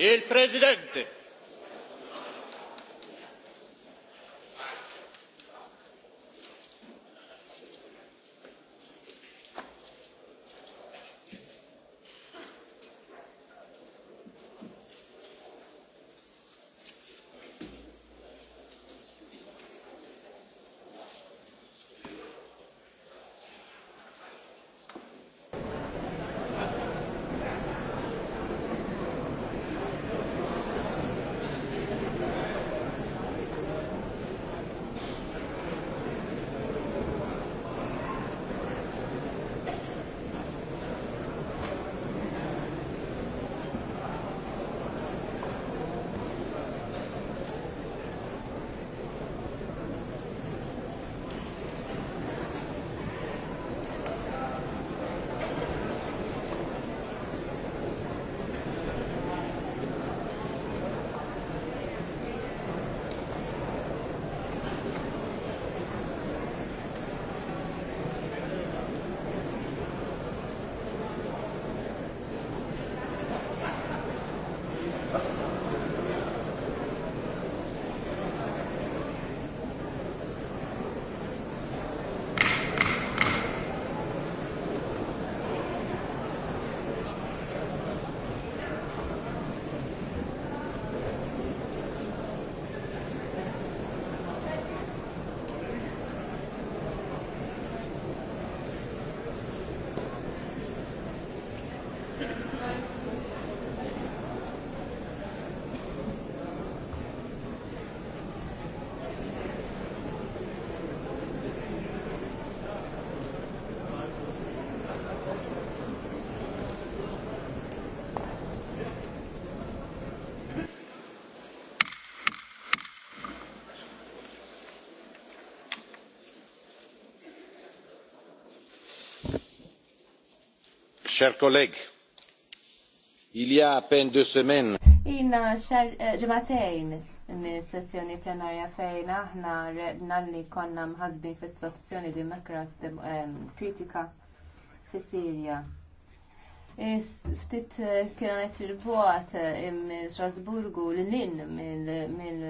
Il-Presidente. Chers collègues, il y a à peine deux semaines. Ina eh, ġematejn mis-sessjoni plenarja fejn aħna redna li konna mħazbin fi situazzjoni demokrat kritika fi Sirja. Ftit eh, kienet il-bot eh, im Strasburgu l-lin mill